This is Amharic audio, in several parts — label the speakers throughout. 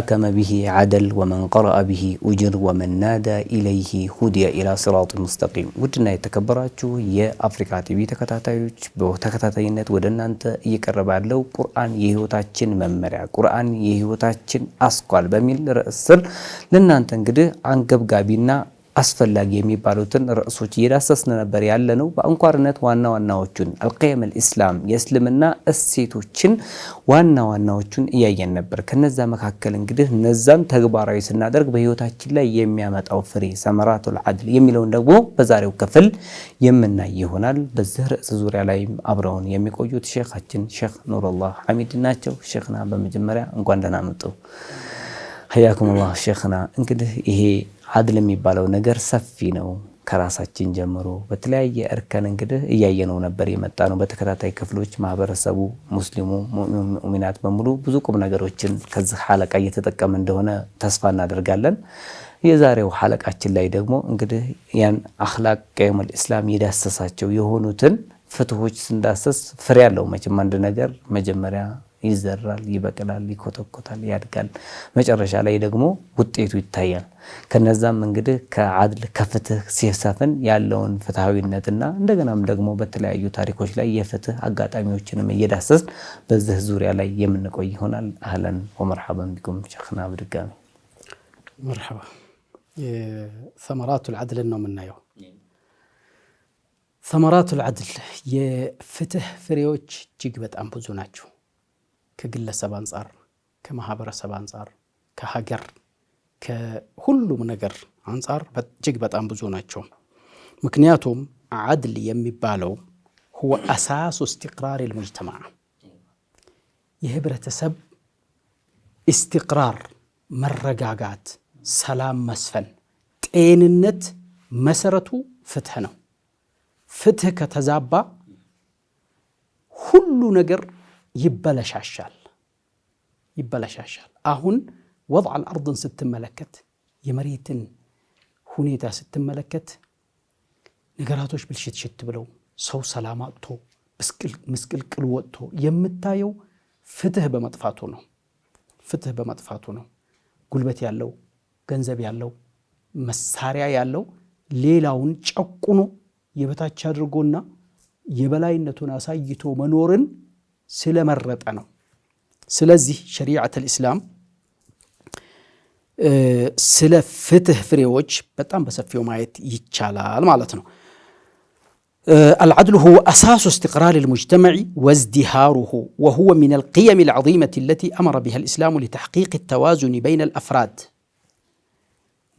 Speaker 1: ሐከመ ብሂ ዓደል ወመን ቀረአ ብሂ ኡጅር ወመን ናዳ ኢለይሂ ሁድየ ኢላ ስራጥ ሙስተቂም። ውድና የተከበራችሁ የአፍሪካ ቲቪ ተከታታዮች በተከታታይነት ወደ እናንተ እየቀረበ ያለው ቁርአን የህይወታችን መመሪያ፣ ቁርአን የህይወታችን አስኳል በሚል ርዕስ ስር ለእናንተ እንግዲህ አንገብጋቢና አስፈላጊ የሚባሉትን ርዕሶች እየዳሰስን ነበር ያለ ነው በአንኳርነት ዋና ዋናዎቹን አልቀየም ልእስላም የእስልምና እሴቶችን ዋና ዋናዎቹን እያየን ነበር። ከነዛ መካከል እንግዲህ እነዛን ተግባራዊ ስናደርግ በህይወታችን ላይ የሚያመጣው ፍሬ ሰመራቱል አድል የሚለውን ደግሞ በዛሬው ክፍል የምናይ ይሆናል። በዚህ ርዕስ ዙሪያ ላይ አብረውን የሚቆዩት ሼኻችን ሼክ ኑረላህ ሐሚድ ናቸው። ሼክና በመጀመሪያ እንኳን ደህና መጡ። ሐያኩሙላህ ሼኽና እንግዲህ ይሄ አድል የሚባለው ነገር ሰፊ ነው። ከራሳችን ጀምሮ በተለያየ እርከን እንግዲህ እያየነው ነበር የመጣ ነው። በተከታታይ ክፍሎች ማህበረሰቡ፣ ሙስሊሙ፣ ሙእሚናት በሙሉ ብዙ ቁም ነገሮችን ከዚህ ሐለቃ እየተጠቀመ እንደሆነ ተስፋ እናደርጋለን። የዛሬው ሀለቃችን ላይ ደግሞ እንግዲህ ያን አኽላቅ ቀየሙል ኢስላም የዳሰሳቸው የሆኑትን ፍትሆች ስንዳሰስ ፍሬ ያለው መቼም አንድ ነገር መጀመሪያ ይዘራል፣ ይበቅላል፣ ይኮተኮታል፣ ያድጋል። መጨረሻ ላይ ደግሞ ውጤቱ ይታያል። ከነዛም እንግዲህ ከአድል ከፍትህ ሲሰፍን ያለውን ፍትሐዊነትና እንደገናም ደግሞ በተለያዩ ታሪኮች ላይ የፍትህ አጋጣሚዎችንም እየዳሰስን በዚህ ዙሪያ ላይ የምንቆይ ይሆናል። አህለን ወመርሐበን ቢኩም ሸክና ብድጋሚ
Speaker 2: መርሐባ። ሰመራቱል ዓድልን ነው የምናየው። ሰመራቱል ዓድል የፍትህ ፍሬዎች እጅግ በጣም ብዙ ናቸው። ከግለሰብ አንጻር፣ ከማህበረሰብ አንጻር፣ ከሀገር ከሁሉም ነገር አንጻር እጅግ በጣም ብዙ ናቸው። ምክንያቱም አድል የሚባለው ሁወ አሳሱ እስትቅራር ልሙጅተማዕ የህብረተሰብ እስትቅራር፣ መረጋጋት፣ ሰላም መስፈን፣ ጤንነት መሰረቱ ፍትህ ነው። ፍትህ ከተዛባ ሁሉ ነገር ይበለሻሻል። ይበለሻሻል። አሁን ወضዕ አልአርድን ስትመለከት የመሬትን ሁኔታ ስትመለከት ነገራቶች ብልሽት ሽት ብለው ሰው ሰላም አጥቶ ምስቅልቅል ወጥቶ የምታየው ፍትህ በመጥፋቱ ነው። ፍትህ በመጥፋቱ ነው። ጉልበት ያለው ገንዘብ ያለው መሳሪያ ያለው ሌላውን ጨቁኖ የበታች አድርጎና የበላይነቱን አሳይቶ መኖርን ስለመረጠ ነው። ስለዚህ شريعة الإسلام ስለ فتح ፍሬዎች በጣም በሰፊው ማየት ይቻላል ማለት ነው። العدل هو أساس استقرار المجتمع وازدهاره وهو من القيم العظيمة التي أمر بها الإسلام لتحقيق التوازن بين الأفراد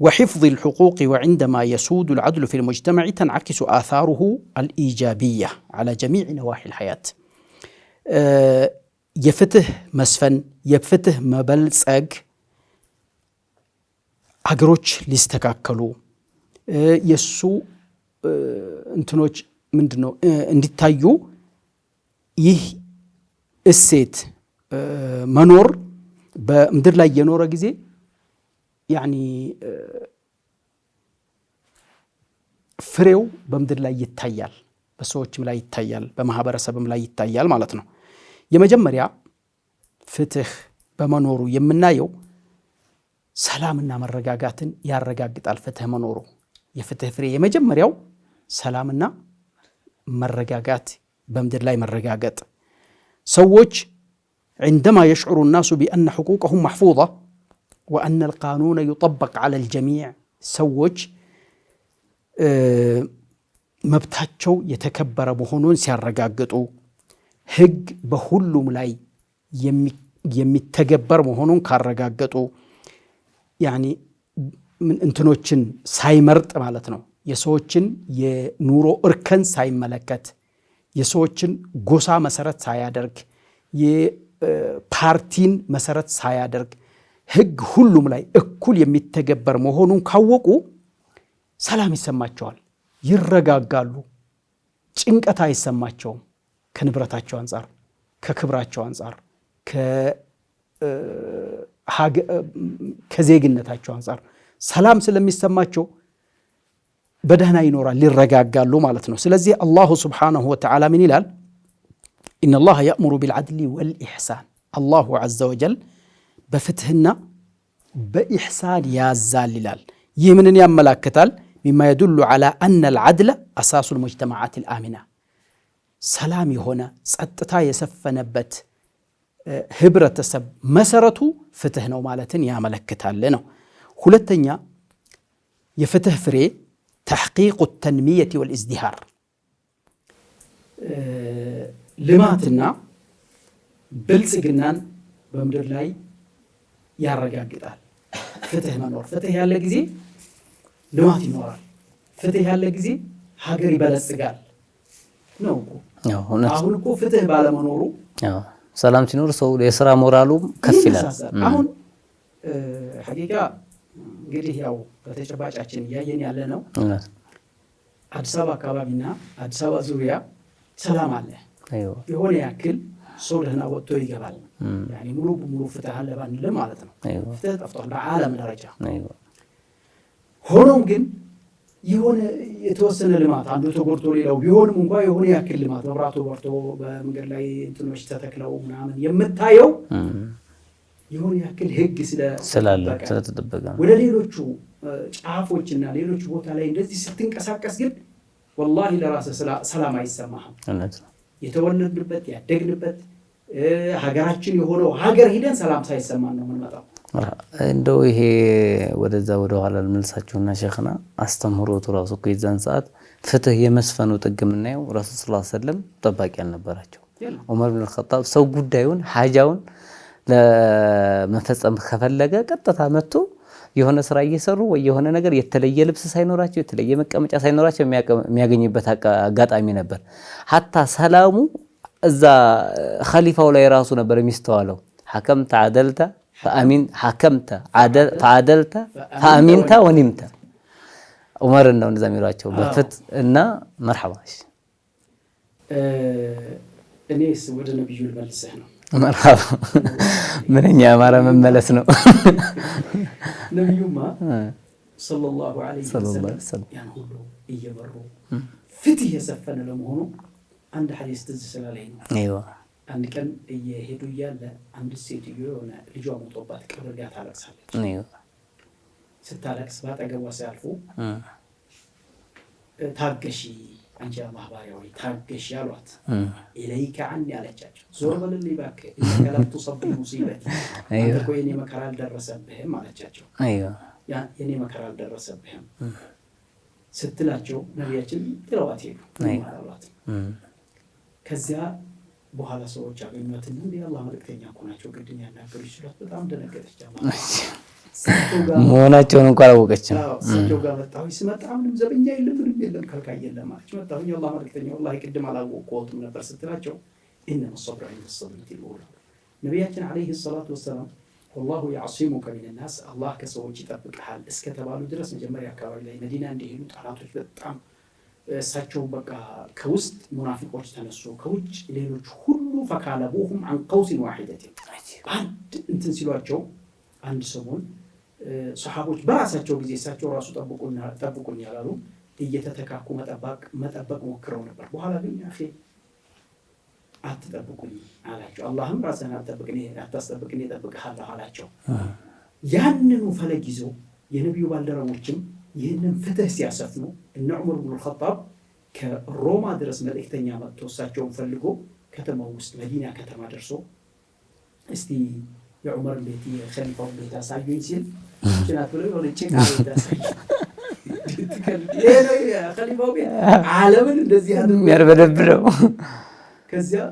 Speaker 2: وحفظ الحقوق وعندما يسود العدل في المجتمع تنعكس آثاره الإيجابية على جميع نواحي الحياة የፍትህ መስፈን የፍትህ መበልጸግ ሀገሮች ሊስተካከሉ የእሱ እንትኖች ምንድን ነው እንዲታዩ ይህ እሴት መኖር በምድር ላይ የኖረ ጊዜ ያኒ ፍሬው በምድር ላይ ይታያል፣ በሰዎችም ላይ ይታያል፣ በማህበረሰብም ላይ ይታያል ማለት ነው። የመጀመሪያ ፍትህ በመኖሩ የምናየው ሰላምና መረጋጋትን ያረጋግጣል። ፍትህ መኖሩ የፍትህ ፍሬ የመጀመሪያው ሰላምና መረጋጋት በምድር ላይ መረጋገጥ ሰዎች عندما يشعر الناس بأن حقوقهم محفوظة وأن القانون يطبق على الجميع ሰዎች መብታቸው የተከበረ መሆኑን ሲያረጋግጡ ህግ በሁሉም ላይ የሚተገበር መሆኑን ካረጋገጡ እንትኖችን ሳይመርጥ ማለት ነው። የሰዎችን የኑሮ እርከን ሳይመለከት የሰዎችን ጎሳ መሰረት ሳያደርግ የፓርቲን መሰረት ሳያደርግ ህግ ሁሉም ላይ እኩል የሚተገበር መሆኑን ካወቁ ሰላም ይሰማቸዋል፣ ይረጋጋሉ፣ ጭንቀት አይሰማቸውም። ከንብረታቸው አንጻር፣ ከክብራቸው አንጻር፣ ከዜግነታቸው አንጻር ሰላም ስለሚሰማቸው በደህና ይኖራል፣ ይረጋጋሉ ማለት ነው። ስለዚህ አላሁ ስብሓነሁ ወተዓላ ምን ይላል? ኢነላሃ የእሙሩ ቢልዓድሊ ወልኢሕሳን። አላሁ ዐዘ ወጀል በፍትህና በኢሕሳን ያዛል ይላል። ይህ ምንን ያመላክታል? ሚማ የዱሉ ዐላ አነ አልዓድለ አሳሱል ሙጅተማዓት ልአሚና ሰላም የሆነ ጸጥታ የሰፈነበት ህብረተሰብ መሰረቱ ፍትህ ነው ማለትን ያመለክታል ነው። ሁለተኛ የፍትህ ፍሬ ተሕቂቁ ተንሚየት ወልእዝዲሃር ልማትና ብልጽግናን በምድር ላይ ያረጋግጣል። ፍትህ መኖር ፍትህ ያለ ጊዜ ልማት ይኖራል። ፍትህ ያለ ጊዜ ሀገር ይበለጽጋል ነው እኮ አሁን እኮ ፍትህ ባለመኖሩ
Speaker 1: ሰላም ሲኖር ሰው የስራ ሞራሉም ከፍ
Speaker 2: ይላል። አሁን ሐቂቃ እንግዲህ ያው በተጨባጫችን እያየን ያለ ነው። አዲስ አበባ አካባቢና አዲስ አበባ ዙሪያ ሰላም አለ። የሆነ ያክል ሰው ደህና ወጥቶ ይገባል። ሙሉ በሙሉ ፍትህ አለ ባንልም ማለት ነው። ፍትህ ጠፍቷል በዓለም ደረጃ ሆኖም ግን የሆነ የተወሰነ ልማት አንዱ ተጎድቶ ሌላው ቢሆንም እንኳ የሆነ ያክል ልማት መብራቱ በርቶ በመንገድ ላይ እንትኖች ተተክለው ምናምን የምታየው የሆነ ያክል ህግ
Speaker 1: ስለተጠበቀ
Speaker 2: ወደ ሌሎቹ ጫፎችና ሌሎች ቦታ ላይ እንደዚህ ስትንቀሳቀስ ግን ወላሂ ለራስህ ሰላም አይሰማህም። የተወለድንበት ያደግንበት ሀገራችን የሆነው ሀገር ሂደን ሰላም ሳይሰማን ነው የምንመጣው።
Speaker 1: እንደው ይሄ ወደዛ ወደኋላ ልመልሳችሁና ሸክና አስተምህሮቱ ራሱ እኮ የዛን ሰዓት ፍትህ የመስፈኑ ጥግ የምናየው ረሱል ስ ሰለም ጠባቂ አልነበራቸው። ዑመር ብን ልከጣብ ሰው ጉዳዩን ሀጃውን ለመፈጸም ከፈለገ ቀጥታ መጥቶ የሆነ ስራ እየሰሩ ወይ የሆነ ነገር የተለየ ልብስ ሳይኖራቸው የተለየ መቀመጫ ሳይኖራቸው የሚያገኝበት አጋጣሚ ነበር። ሀታ ሰላሙ እዛ ኸሊፋው ላይ ራሱ ነበር የሚስተዋለው ሐከምተ አደልተ فأمين حكمت عادل فعادلت فأمينت ونمت عمر انه نظام يراچو آه. بفت انا مرحبا ايش
Speaker 2: آه، اني اس ود النبي يقول بالسهنا
Speaker 1: مرحبا من اني امر من ملسنا نو
Speaker 2: نبي يما آه. صلى الله عليه وسلم صلى الله عليه وسلم يعني هو يبرو فتي يسفن لهم هنا عند حديث تز سلالين ايوه አንድ ቀን እየሄዱ እያለ አንድ ሴትዮ የሆነ ልጇ ሞቶባት ቅብር ጋር ታለቅሳለች። ስታለቅስ በአጠገቧ ሲያልፉ ታገሺ አንቺ ማህባሪያዊ ታገሺ አሏት። ኢለይከ አን ያለቻቸው ዞር በልልኝ እባክህ ለም ሰብ ሙሲበት አንተኮ የኔ መከራ አልደረሰብህም አለቻቸው። የኔ መከራ አልደረሰብህም ስትላቸው ነቢያችን ጥለዋት ሄዱ። አሏት ከዚያ በኋላ ሰዎች አገኟትና እንደ አላህ መልእክተኛ እኮ ናቸው ግድን ያናገሩ ይችላል። በጣም ደነገጠች።
Speaker 1: መሆናቸውን እንኳ አላወቀችም።
Speaker 2: እሳቸው ጋር መጣሁ። ስመጣ ምንም ዘበኛ የለ ምንም የለም ከልካ የለም አለች። መጣሁ የአላህ መልእክተኛ ወላሂ ቅድም አላወቅሁትም ነበር ስትላቸው ኢነመ ሰብሩ ዐንደ ሰድመት ልኡላ ነቢያችን ዓለይሂ ሰላቱ ወሰላም ወላሁ የዕሲሙከ ሚንናስ አላህ ከሰዎች ይጠብቅሃል እስከተባሉ ድረስ መጀመሪያ አካባቢ ላይ መዲና እንዲሄዱ ጠላቶች በጣም እሳቸው በቃ ከውስጥ ሙናፊቆች ተነሱ፣ ከውጭ ሌሎች ሁሉ ፈካለቡሁም አን ቀውሲን ዋሒደትን በአንድ እንትን ሲሏቸው አንድ ሰሞን ሰሓቦች በራሳቸው ጊዜ እሳቸው ራሱ ጠብቁን ያላሉ እየተተካኩ መጠበቅ ሞክረው ነበር። በኋላ ግን ያ አትጠብቁኝ አላቸው። አላህም ራስህን አታስጠብቅ እኔ እጠብቅሃለሁ አላቸው። ያንኑ ፈለግ ይዘው የነቢዩ ባልደረቦችም ይህንን ፍትህ ሲያሰፍኑ እነ ዑመር ብኑ ልኸጣብ ከሮማ ድረስ መልእክተኛ መጥቶ እሳቸውን ፈልጎ ከተማው ውስጥ መዲና ከተማ ደርሶ እስቲ የዑመርን ቤት የከሊፋውን ቤት አሳዩኝ ሲል ችናት ብሎ የሆነ ችግር ከሊፋው ቤት አለምን እንደዚህ
Speaker 1: ያደርበደብለው
Speaker 2: ከዚያ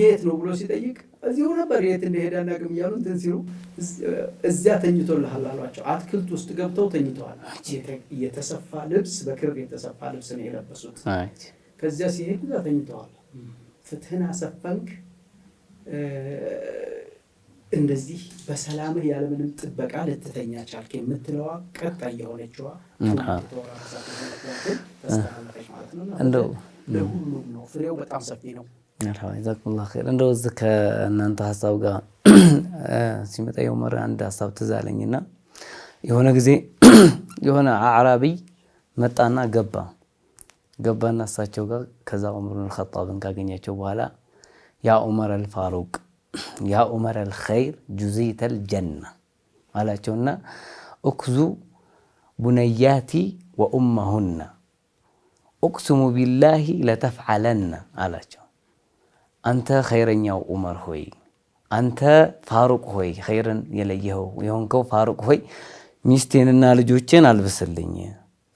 Speaker 2: የት ነው ብሎ ሲጠይቅ እዚሁ ነበር የት እንደሄደ አናውቅም እያሉ እንትን ሲሉ እዚያ ተኝቶልሃል አሏቸው። አትክልት ውስጥ ገብተው ተኝተዋል። የተሰፋ ልብስ በክር የተሰፋ ልብስ ነው የለበሱት። ከዚያ ሲሄድ እዛ ተኝተዋል። ፍትህን አሰፈንክ እንደዚህ በሰላምህ ያለምንም ጥበቃ ልትተኛ ቻልክ የምትለዋ ቀጣ የሆነችዋ ተስተላለፈች ማለት
Speaker 1: ነው። ለሁሉም ነው ፍሬው በጣም ሰፊ ነው። ጀዛኩሙላህ ኸይር። እንደው እዚህ ከእናንተ ሀሳብ ጋር ሲመጣ የዑመር አንድ ሀሳብ ትዝ አለኝና የሆነ ጊዜ የሆነ አዕራቢይ መጣና ገባ ገባና እሳቸው ጋር ከዛ ዑመር ብን ኸጣብን ካገኛቸው በኋላ ያ ዑመር አልፋሩቅ ያ ዑመር አልኸይር ጁዚተል ጀና አላቸውና እክዙ ቡነያቲ ወኡመሁና ኡቅስሙ ቢላሂ ለተፍዓለና አላቸው። አንተ ኸይረኛው ዑመር ሆይ አንተ ፋሩቅ ሆይ ኸይርን የለየኸው የሆንከው ፋሩቅ ሆይ ሚስቴንና ልጆቼን አልብስልኝ።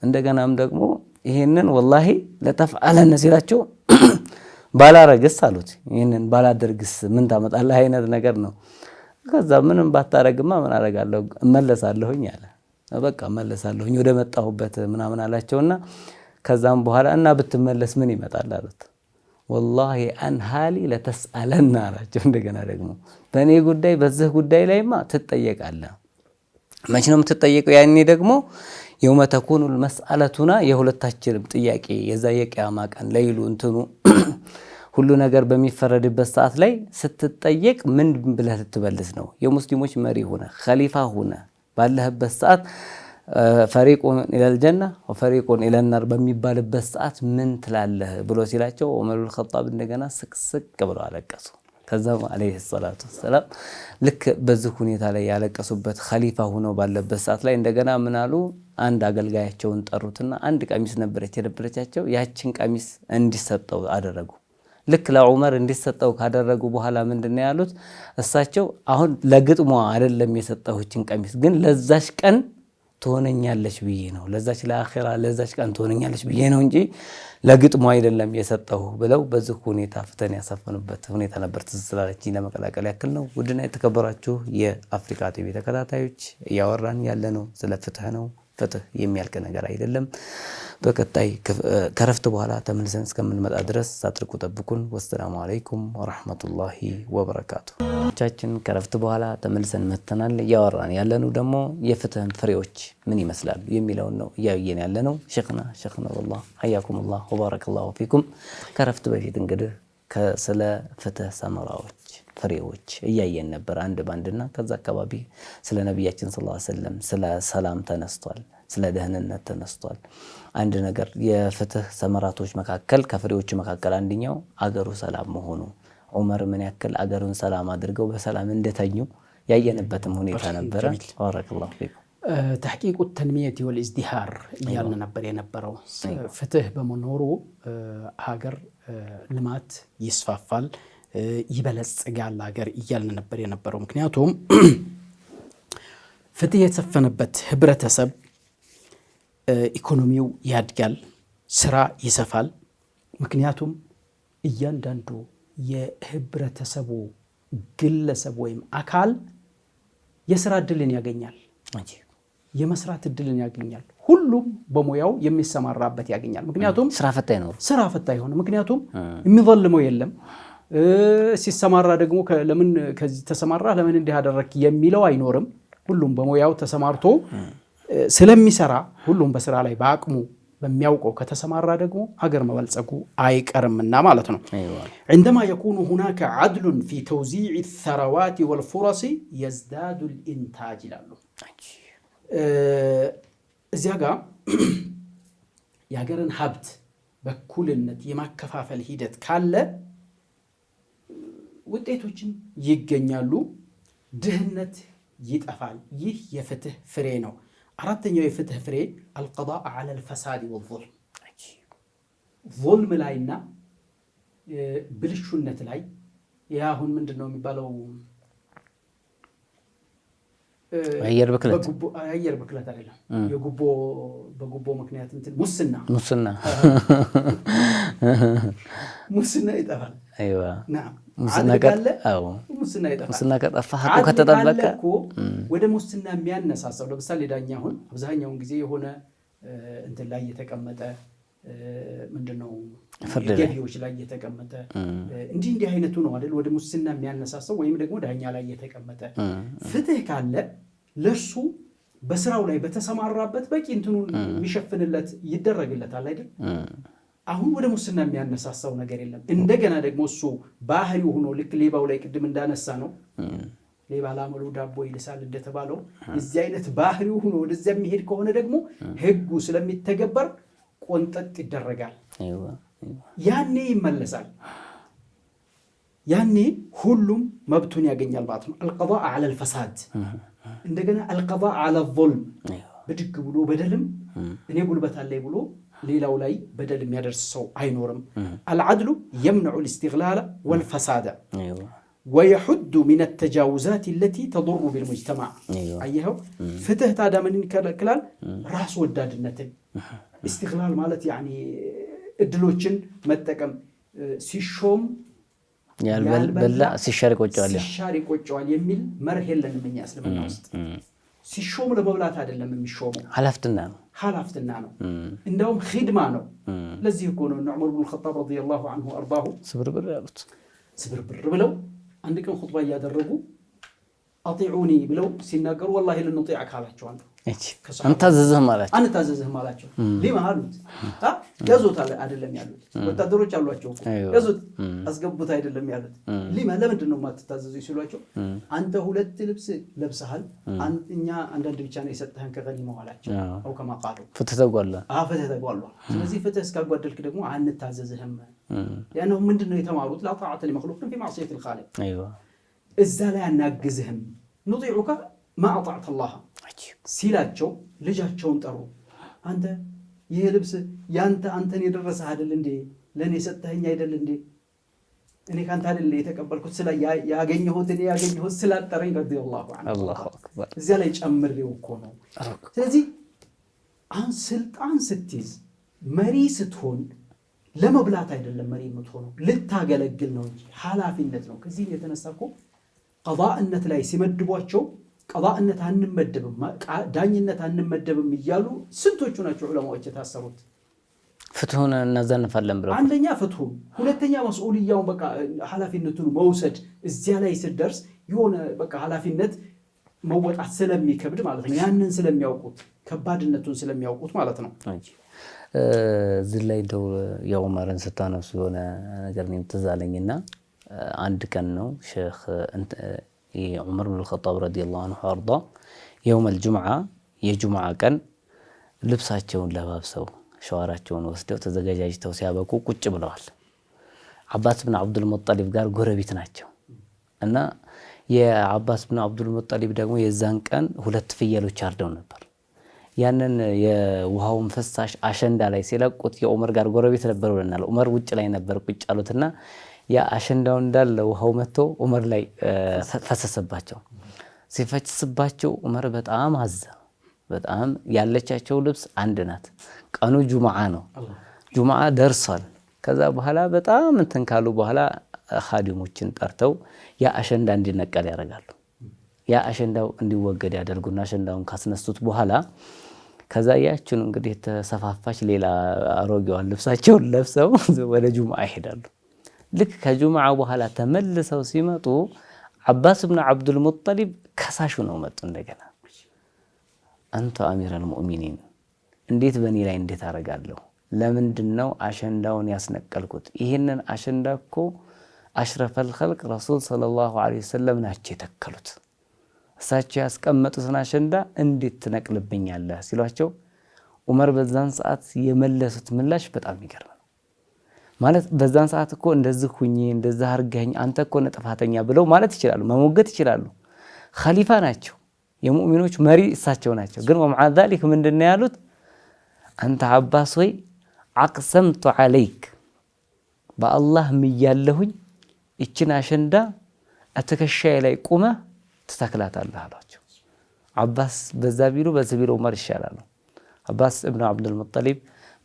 Speaker 1: እንደገናም ደግሞ ይሄንን ወላሂ ለተፍዓለነ ሲላቸው ባላረግስ አሉት። ይህንን ባላደርግስ ምን ታመጣለህ አይነት ነገር ነው። ከዛ ምንም ባታረግማ ምን አረጋለሁ እመለሳለሁኝ አለ። በቃ እመለሳለሁኝ ወደ መጣሁበት ምናምን አላቸውና ከዛም በኋላ እና ብትመለስ ምን ይመጣል አሉት። ወላሂ አንሃሊ ለተስአለና አላቸው። እንደገና ደግሞ በእኔ ጉዳይ በዚህ ጉዳይ ላይማ ትጠየቃለህ። መች ነው የምትጠየቀው? ያኔ ደግሞ የውመ ተኩኑ መስአለቱና የሁለታችንም ጥያቄ የዛ የቅያማ ቀን ለይሉ እንትኑ ሁሉ ነገር በሚፈረድበት ሰዓት ላይ ስትጠየቅ ምን ብለህ ትትበልስ ነው? የሙስሊሞች መሪ ሆነ፣ ኸሊፋ ሆነ ባለህበት ሰዓት ፈሪቁን ኢለል ጀና ወፈሪቁን ኢለል በሚባልበት ሰዓት ምን ትላለህ ብሎ ሲላቸው ዑመሩል ኸጣብ እንደገና ስቅስቅ ብለው አለቀሱ። ከዛም ዓለይሂ ሰላቱ ወሰላም ልክ በዚህ ሁኔታ ላይ ያለቀሱበት ኸሊፋ ሆነው ባለበት ሰዓት ላይ እንደገና ምናሉ አንድ አገልጋያቸውን ጠሩትና አንድ ቀሚስ ነበረች የነበረቻቸው፣ ያችን ቀሚስ እንዲሰጠው አደረጉ። ልክ ለዑመር እንዲሰጠው ካደረጉ በኋላ ምንድን ነው ያሉት እሳቸው? አሁን ለግጥሟ አይደለም የሰጠሁችን ቀሚስ ግን ለዛች ቀን ትሆነኛለች ብዬ ነው ለዛች ለአኼራ ለዛች ቀን ትሆነኛለች ብዬ ነው እንጂ ለግጥሙ አይደለም የሰጠሁ ብለው በዚህ ሁኔታ ፍተን ያሳፈኑበት ሁኔታ ነበር። ትዝ ለመቀላቀል ያክል ነው። ውድና የተከበራችሁ የአፍሪካ ቲቪ ተከታታዮች እያወራን ያለነው ስለ ፍትህ ነው። ፍትህ የሚያልቅ ነገር አይደለም። በቀጣይ ከረፍት በኋላ ተመልሰን እስከምንመጣ ድረስ ሳትርቁ ጠብቁን። ወሰላሙ አለይኩም ወረሕመቱላሂ ወበረካቱ። ቻችን ከረፍት በኋላ ተመልሰን መተናል። እያወራን ያለነው ደግሞ የፍትህን ፍሬዎች ምን ይመስላሉ የሚለውን ነው እያየን ያለነው። ሼክና ሼክ ነሩላህ ሐያኩሙላህ ወባረከላሁ ፊኩም። ከረፍት በፊት እንግዲህ ስለ ፍትህ ሰመራዎች ፍሬዎች እያየን ነበር አንድ ባንድና ከዛ አካባቢ ስለ ነቢያችን ሰለላሁ ስለ ሰላም ተነስቷል፣ ስለ ደህንነት ተነስቷል። አንድ ነገር የፍትህ ሰመራቶች መካከል ከፍሬዎች መካከል አንድኛው አገሩ ሰላም መሆኑ ዑመር ምን ያክል አገሩን ሰላም አድርገው በሰላም እንደተኙ ያየንበትም ሁኔታ ነበረ። ባረከላሁ
Speaker 2: ፊኩም። ተሕቂቁ ተንሚየት ወል እያልን ነበር የነበረው። ፍትህ በመኖሩ ሀገር ልማት ይስፋፋል። ይበለጽጋል ሀገር እያልን ነበር የነበረው። ምክንያቱም ፍትህ የሰፈነበት ህብረተሰብ ኢኮኖሚው ያድጋል፣ ስራ ይሰፋል። ምክንያቱም እያንዳንዱ የህብረተሰቡ ግለሰብ ወይም አካል የስራ እድልን ያገኛል፣ የመስራት እድልን ያገኛል። ሁሉም በሙያው የሚሰማራበት ያገኛል። ምክንያቱም ስራ ፈታ አይሆንም። ምክንያቱም የሚظልመው የለም ሲሰማራ ደግሞ ለምን ከዚህ ተሰማራ ለምን እንዲህ አደረክ የሚለው አይኖርም። ሁሉም በሙያው ተሰማርቶ ስለሚሰራ ሁሉም በስራ ላይ በአቅሙ በሚያውቀው ከተሰማራ ደግሞ ሀገር መበልጸጉ አይቀርምና ማለት ነው። እንደማ የኩኑ ሁናከ ዓድሉን ፊ ተውዚዕ ተረዋት ወልፉረሲ የዝዳዱ ልኢንታጅ ይላሉ። እዚያ ጋ የሀገርን ሀብት በኩልነት የማከፋፈል ሂደት ካለ ውጤቶችም ይገኛሉ። ድህነት ይጠፋል። ይህ የፍትህ ፍሬ ነው። አራተኛው የፍትህ ፍሬ አልቀዳ አለል ፈሳድ ወልዙልም ዞልም ላይና ብልሹነት ላይ ይህ አሁን ምንድን ነው የሚባለው? አየር ብክለት አየር ብክለት አይደለም። የጉቦ በጉቦ ምክንያት እንትን ሙስና ሙስና ሙስና ይጠፋል።
Speaker 1: ሙስና ከጠፋ ሀቁ ከተጠበቀ
Speaker 2: ወደ ሙስና የሚያነሳሳው ለምሳሌ ዳኛ አሁን አብዛኛውን ጊዜ የሆነ እንትን ላይ የተቀመጠ ምንድነው ገቢዎች ላይ የተቀመጠ እንዲህ እንዲህ አይነቱ ነው አይደል? ወደ ሙስና የሚያነሳሳው ወይም ደግሞ ዳኛ ላይ የተቀመጠ ፍትህ ካለ ለሱ በስራው ላይ በተሰማራበት በቂ እንትኑን የሚሸፍንለት ይደረግለታል አይደል? አሁን ወደ ሙስና የሚያነሳሳው ነገር የለም። እንደገና ደግሞ እሱ ባህሪው ሆኖ ልክ ሌባው ላይ ቅድም እንዳነሳ ነው ሌባ ላመሉ ዳቦ ይልሳል እንደተባለው እዚህ አይነት ባህሪው ሆኖ ወደዚያ የሚሄድ ከሆነ ደግሞ ህጉ ስለሚተገበር ቆንጠጥ ይደረጋል። ያኔ ይመለሳል። ያኔ ሁሉም መብቱን ያገኛል ማለት ነው። አልቀባ አለል ፈሳድ እንደገና አልቀባ አለ ዞልም ብድግ ብሎ በደልም እኔ ጉልበት አለኝ ብሎ ሌላው ላይ በደል የሚያደርስ ሰው አይኖርም። አልዓድሉ የምነዑ ልስትግላላ ወልፈሳደ ወየሑዱ ሚን ተጃውዛት ለቲ ተضሩ ብልሙጅተማዕ። አየኸው ፍትህ ታዲያ ምን ይከለክላል? ራስ ወዳድነትን። እስትግላል ማለት እድሎችን መጠቀም ሲሾም
Speaker 1: ያልበላ ሲሻር ይቆጨዋል
Speaker 2: ሲሻር ይቆጨዋል የሚል መርህ የለንም እኛ እስልምና ውስጥ። ሲሾም ለመብላት አይደለም የሚሾመው
Speaker 1: ኃላፊነት ነው
Speaker 2: ሀላፍትና ነው፣ እንደውም ሂድማ ነው። ለዚህ እኮ ነው እነ ዑመር ብኑ ልኸጣብ ረዲየላሁ አንሁ አርዳሁ
Speaker 1: ስብርብር ያሉት።
Speaker 2: ስብርብር ብለው አንድ ቀን ኹጥባ እያደረጉ አጢዑኒ ብለው ሲናገሩ ወላሂ ልንጢዕ ካላቸዋል
Speaker 1: አንታዘዝህም አላቸው።
Speaker 2: አንታዘዝህም አላቸው። ሊማ አሉት ያዙት አይደለም ያሉት ወታደሮች አሏቸው ያዙት አስገቡት አይደለም ያሉት። ሊማ ለምንድን ነው የማትታዘዙ ሲሏቸው አንተ ሁለት ልብስ ለብሰሃል፣ እኛ አንዳንድ ብቻ ነው የሰጠህን ከቀዲመው አላቸው። አው ከማ ፍትህ ተጓሏል። ፍትህ ተጓሏል። ስለዚህ ፍትህ እስካጓደልክ ደግሞ አንታዘዝህም። ያነው ምንድን ነው የተማሩት ላ ጣዓተ ፊ ማዕስየት ልኻሊቅ እዛ ላይ አናግዝህም ኑጢዑካ ማዕጣዕት ሲላቸው ልጃቸውን ጠሩ። አንተ ይህ ልብስ ያንተ አንተን የደረሰ አይደል እንዴ? ለእኔ የሰጠኸኝ አይደል እንዴ? እኔ ከአንተ አይደል የተቀበልኩት ስላ ያገኘሁት እኔ ያገኘሁት ስላጠረኝ ረዲየላሁ ዐንሁ እዚያ ላይ ጨምሬው እኮ ነው። ስለዚህ አሁን ስልጣን ስትይዝ መሪ ስትሆን ለመብላት አይደለም መሪ የምትሆነው ልታገለግል ነው እንጂ ኃላፊነት ነው። ከዚህ የተነሳ እኮ ቀዳእነት ላይ ሲመድቧቸው ቀባእነት አንመደብም፣ ዳኝነት አንመደብም እያሉ ስንቶቹ ናቸው ዑለማዎች የታሰሩት?
Speaker 1: ፍትሁን እናዘንፋለን ብለው
Speaker 2: አንደኛ ፍትሁን፣ ሁለተኛ መስኡልያውን በቃ ኃላፊነቱን መውሰድ እዚያ ላይ ስደርስ የሆነ በቃ ኃላፊነት መወጣት ስለሚከብድ ማለት ነው። ያንን ስለሚያውቁት ከባድነቱን ስለሚያውቁት ማለት ነው።
Speaker 1: እዚህ ላይ ደው የዑመርን ስታነሱ የሆነ ነገር ትዝ አለኝና አንድ ቀን ነው ሼህ የዑመር ብን ልኸጣብ ረዲየላሁ አንሁ አርዳ የውመል ጁምዓ የጁምዓ ቀን ልብሳቸውን ለባብሰው ሸዋራቸውን ወስደው ተዘገጃጅተው ሲያበቁ ቁጭ ብለዋል። አባስ ብን አብዱልሙጠሊብ ጋር ጎረቤት ናቸው እና የአባስ ብን አብዱልሙጠሊብ ደግሞ የዛን ቀን ሁለት ፍየሎች አርደው ነበር። ያንን የውሃውን ፈሳሽ አሸንዳ ላይ ሲለቁት የዑመር ጋር ጎረቤት ነበር ብለናል። ዑመር ውጭ ላይ ነበር ቁጭ አሉትና ያ አሸንዳው እንዳለ ውሃው መጥቶ ዑመር ላይ ፈሰሰባቸው። ሲፈስባቸው ዑመር በጣም አዘ። በጣም ያለቻቸው ልብስ አንድ ናት። ቀኑ ጁምዓ ነው። ጁምዓ ደርሷል። ከዛ በኋላ በጣም እንትን ካሉ በኋላ ሀዲሞችን ጠርተው ያ አሸንዳ እንዲነቀል ያደርጋሉ። ያ አሸንዳው እንዲወገድ ያደርጉና አሸንዳውን ካስነሱት በኋላ ከዛ ያችን እንግዲህ ተሰፋፋች ሌላ አሮጌዋን ልብሳቸውን ለብሰው ወደ ጁምዓ ይሄዳሉ። ልክ ከጁምዓ በኋላ ተመልሰው ሲመጡ አባስ ብኑ ሙጠሊብ ከሳሽ ነው መጡ። እንደገና አንተ አሚረል ሙእሚኒን እንዴት በእኔ ላይ እንዴት አደርጋለሁ? ለምንድን ነው አሸንዳውን ያስነቀልኩት? ይህንን አሸንዳ እኮ አሽረፈል ኸልቅ ረሱል ሰለላሁ ዐለይሂ ወሰለም ናቸው የተከሉት። እሳቸው ያስቀመጡትን አሸንዳ እንዴት ትነቅልብኛለህ ሲሏቸው ዑመር በዛን ሰዓት የመለሱት ምላሽ በጣም ይገርም ማለት በዛን ሰዓት እኮ እንደዚህ ሁኝ እንደዚህ አርጋኝ አንተ እኮ ነጥፋተኛ ጥፋተኛ ብለው ማለት ይችላሉ፣ መሞገት ይችላሉ። ኸሊፋ ናቸው፣ የሙእሚኖች መሪ እሳቸው ናቸው። ግን ወመዓ ዛሊክ ምንድን ያሉት? አንተ አባስ ወይ አቅሰምቱ ዓለይክ በአላህ ምያለሁኝ እችን አሸንዳ እትከሻዬ ላይ ቁመ ትተክላታለህ አሏቸው። አባስ በዛ ቢሉ በዚህ ቢሉ ዑመር ይሻላሉ። አባስ እብኑ ዓብዱልሙጠሊብ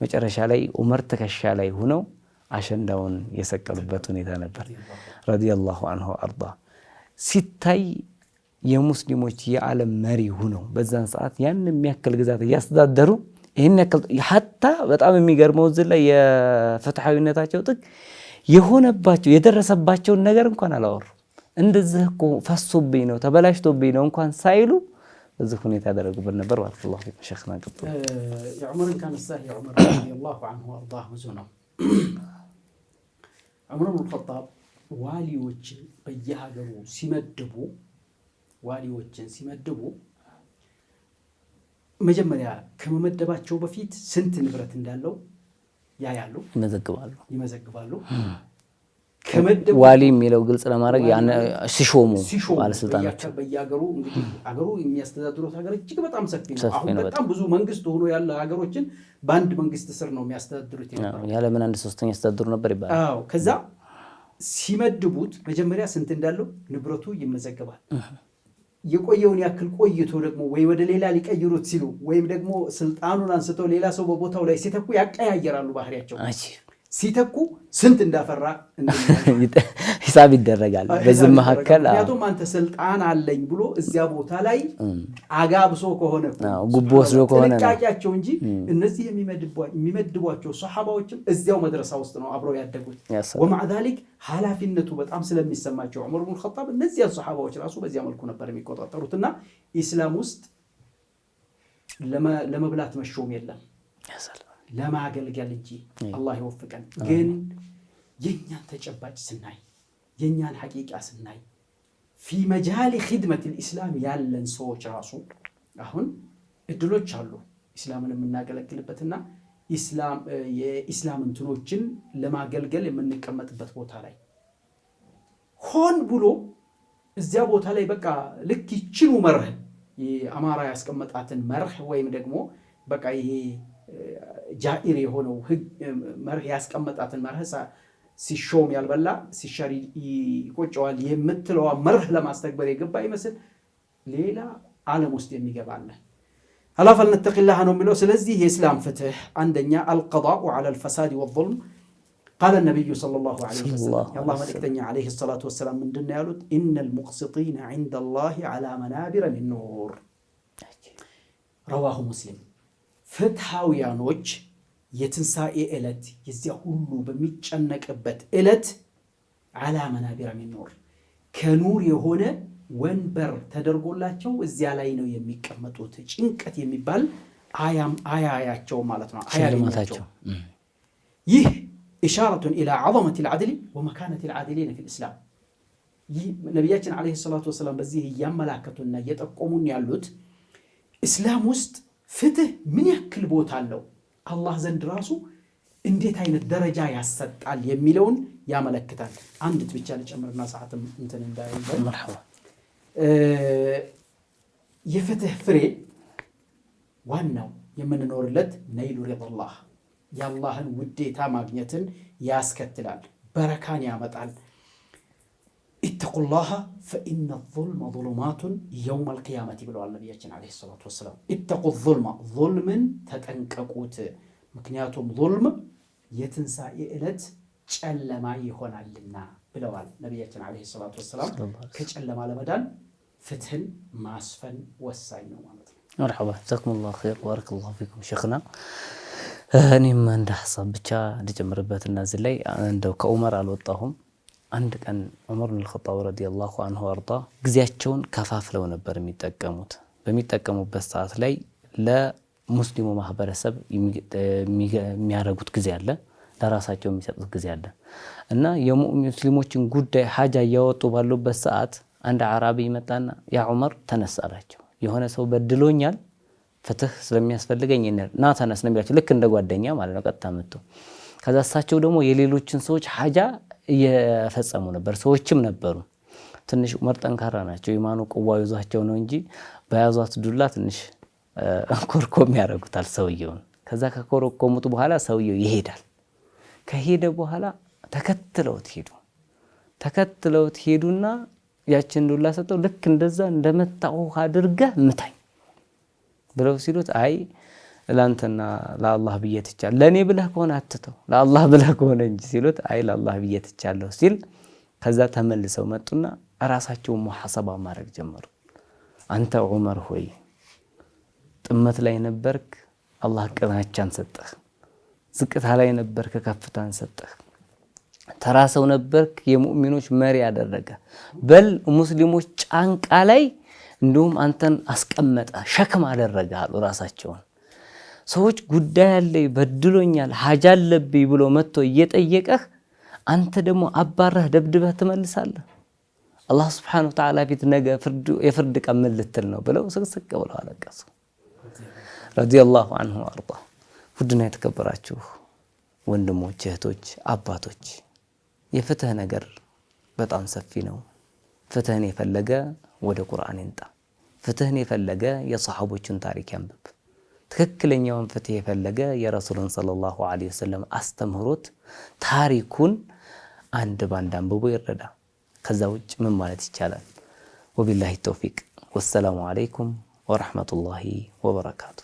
Speaker 1: መጨረሻ ላይ ዑመር ትከሻ ላይ ሁነው አሸንዳውን የሰቀሉበት ሁኔታ ነበር። ረዲየላሁ አንሁ አርዳ ሲታይ የሙስሊሞች የዓለም መሪ ሁነው በዛን ሰዓት ያን የሚያክል ግዛት እያስተዳደሩ ይህን ያክል ሀታ በጣም የሚገርመው እዚህ ላይ የፍትሐዊነታቸው ጥግ የሆነባቸው የደረሰባቸውን ነገር እንኳን አላወሩ። እንደዚህ እኮ ፈሶብኝ ነው ተበላሽቶብኝ ነው እንኳን ሳይሉ እዚህ ሁኔታ ያደረጉበት ነበር። ባረከላሁ ፊኩም ሸይኽና
Speaker 2: ቀጥሉ። የዑመርን ካነሳህ የዑመር ረዲየላሁ አንሁ አርዳ ብዙ ነው ዑመር ብን ኸጣብ ዋሊዎችን በየሀገሩ ሲመድቡ ዋሊዎችን ሲመድቡ መጀመሪያ ከመመደባቸው በፊት ስንት ንብረት እንዳለው ያያሉ፣ ይመዘግባሉ ይመዘግባሉ።
Speaker 1: ዋሊ የሚለው ግልጽ ለማድረግ ሲሾሙ
Speaker 2: ባለስልጣናቸው በየሀገሩ እንግዲህ ሀገሩ የሚያስተዳድሩት ሀገር እጅግ በጣም ሰፊ ነው። አሁን በጣም ብዙ መንግስት ሆኖ ያለ ሀገሮችን በአንድ መንግስት ስር ነው የሚያስተዳድሩት።
Speaker 1: ያለምን አንድ ሶስተኛ ያስተዳድሩ ነበር
Speaker 2: ይባላል። ከዛ ሲመድቡት መጀመሪያ ስንት እንዳለው ንብረቱ ይመዘገባል። የቆየውን ያክል ቆይቶ ደግሞ ወይ ወደ ሌላ ሊቀይሩት ሲሉ ወይም ደግሞ ስልጣኑን አንስተው ሌላ ሰው በቦታው ላይ ሲተኩ ያቀያየራሉ ባህሪያቸው ሲተኩ ስንት እንዳፈራ
Speaker 1: ሂሳብ ይደረጋል። በዚህ መካከል
Speaker 2: ምክንያቱም አንተ ስልጣን አለኝ ብሎ እዚያ ቦታ ላይ አጋብሶ ከሆነ ጉቦ ወስዶ ከሆነ ጥንቃቄያቸው እንጂ እነዚህ የሚመድቧቸው ሰሓባዎችም እዚያው መድረሳ ውስጥ ነው አብረው ያደጉት። ወማዕዛሊክ ዛሊክ ኃላፊነቱ በጣም ስለሚሰማቸው ዑመር ብን ኸጣብ እነዚያ ሰሓባዎች ራሱ በዚያ መልኩ ነበር የሚቆጣጠሩት። እና ኢስላም ውስጥ ለመብላት መሾም የለም ለማገልገል እንጂ አላህ ይወፍቀን። ግን የእኛን ተጨባጭ ስናይ የእኛን ሐቂቃ ስናይ ፊ መጃሊ ሂድመት ልኢስላም ያለን ሰዎች ራሱ አሁን እድሎች አሉ ኢስላምን የምናገለግልበትና የኢስላም እንትኖችን ለማገልገል የምንቀመጥበት ቦታ ላይ ሆን ብሎ እዚያ ቦታ ላይ በቃ ልክ ይችኑ መርህ የአማራ ያስቀመጣትን መርህ ወይም ደግሞ በቃ ይሄ ጃኢር የሆነው መርህ ያስቀመጣትን መርህ ሲሾም ያልበላ ሲሻር ይቆጨዋል የምትለዋ መርህ ለማስተግበር የገባ ይመስል ሌላ ዓለም ውስጥ የሚገባለን አላ ፈልነተቂላህ ነው የሚለው። ስለዚህ የእስላም ፍትህ አንደኛ አልቀዳኡ ዐላ ልፈሳድ ወዙልም ቃለ ነቢዩ ሰለላሁ ዐለይሂ ወሰለም የአላህ መልእክተኛ ዐለይሂ ሰላቱ ወሰላም ምንድን ነው ያሉት? ኢነል ሙቅሲጢነ ዐንደላሂ ዐላ መናቢረ ሚን ኑር ረዋሁ ሙስሊም ፍትሐውያኖች የትንሣኤ ዕለት የዚያ ሁሉ በሚጨነቅበት ዕለት አላ መናቢራ ሚኖር ከኑር የሆነ ወንበር ተደርጎላቸው እዚያ ላይ ነው የሚቀመጡት። ጭንቀት የሚባል አያያቸው ማለት ነው። አያቸው ይህ ኢሻረቱን ኢላ ዓዘመት ልዓድሊ ወመካነት ልዓድሊነ ፊ ልእስላም ይህ ነቢያችን ዓለይሂ ሰላቱ ወሰላም በዚህ እያመላከቱና እየጠቆሙን ያሉት እስላም ውስጥ ፍትህ ምን ያክል ቦታ አለው አላህ ዘንድ ራሱ እንዴት አይነት ደረጃ ያሰጣል የሚለውን ያመለክታል። አንዲት ብቻ ልጨምርና ሰዓትም እንትን እንዳይበል የፍትህ ፍሬ ዋናው የምንኖርለት ነይሉ ሪላህ የአላህን ውዴታ ማግኘትን ያስከትላል፣ በረካን ያመጣል። اتقوا الله فإن الظلم ظلمات يوم القيامة بلو النبي عليه الصلاة والسلام اتقوا الظلم ظلم تتنككوت مكنياتهم ظلم يتنسى إلت جل ما يخونا لنا بلو النبي عليه الصلاة والسلام كجل ما لمدان فتن ماسفا أسفن والسعين
Speaker 1: مرحبا جزاكم الله خير بارك الله فيكم شيخنا هني من رحصة بشا دي جمربات النازل عندو كأمر على الوطاهم አንድ ቀን ዑመር ብን ልኸጣብ ረዲየላሁ አንሁ አርዳ ጊዜያቸውን ከፋፍለው ነበር የሚጠቀሙት። በሚጠቀሙበት ሰዓት ላይ ለሙስሊሙ ማህበረሰብ የሚያደርጉት ጊዜ አለ፣ ለራሳቸው የሚሰጡት ጊዜ አለ እና የሙስሊሞችን ጉዳይ ሀጃ እያወጡ ባሉበት ሰዓት አንድ አራቢ ይመጣና ያ ዑመር ተነስ አላቸው። የሆነ ሰው በድሎኛል፣ ፍትህ ስለሚያስፈልገኝ ና ተነስ ነው የሚላቸው። ልክ እንደ ጓደኛ ማለት ነው። ቀጥታ መጥቶ ከዛ እሳቸው ደግሞ የሌሎችን ሰዎች ሀጃ እየፈጸሙ ነበር። ሰዎችም ነበሩ። ትንሽ ዑመር ጠንካራ ናቸው። ኢማኑ ቁዋ ይዟቸው ነው እንጂ በያዟት ዱላ ትንሽ ኮርኮም ያደርጉታል ሰውየውን። ከዛ ከኮረኮሙት በኋላ ሰውየው ይሄዳል። ከሄደ በኋላ ተከትለውት ሄዱ። ተከትለውት ሄዱና ያችን ዱላ ሰጠው። ልክ እንደዛ እንደመታው አድርገህ ምታኝ ብለው ሲሉት አይ ለአንተና ለአላህ ብዬ ትቻለሁ። ለእኔ ብለህ ከሆነ አትተው ለአላህ ብለህ ከሆነ እንጂ ሲሉት አይ ለአላህ ብዬ ትቻለሁ ሲል ከዛ ተመልሰው መጡና ራሳቸውን ሙሐሰባ ማድረግ ጀመሩ። አንተ ዑመር ሆይ ጥመት ላይ ነበርክ፣ አላህ ቅናቻን ሰጠህ። ዝቅታ ላይ ነበርክ፣ ከፍታን ሰጠህ። ተራ ሰው ነበርክ፣ የሙእሚኖች መሪ አደረገ። በል ሙስሊሞች ጫንቃ ላይ እንዲሁም አንተን አስቀመጠ፣ ሸክም አደረገ አሉ ራሳቸውን ሰዎች ጉዳይ አለኝ በድሎኛል፣ ሀጅ አለብኝ ብሎ መጥቶ እየጠየቀህ አንተ ደግሞ አባረህ ደብድበህ ትመልሳለህ። አላህ ስብሓነሁ ወተዓላ ፊት ነገ የፍርድ ቀን ምን ልትል ነው ብለው ስቅስቅ ብለው አለቀሱ። ረዲየላሁ አንሁ አርዳ። ውድና የተከበራችሁ ወንድሞች፣ እህቶች፣ አባቶች የፍትህ ነገር በጣም ሰፊ ነው። ፍትህን የፈለገ ወደ ቁርአን ይንጣ። ፍትህን የፈለገ የሰሓቦቹን ታሪክ ያንብብ። ትክክለኛውን ፍትህ የፈለገ የረሱልን ሰለላሁ ዐለይሂ ወሰለም አስተምህሮት ታሪኩን አንድ ባንድ አንብቦ ይረዳ። ከዛ ውጭ ምን ማለት ይቻላል? ወቢላሂ ተውፊቅ። ወሰላሙ ዐለይኩም ወረሕመቱላሂ ወበረካቱ።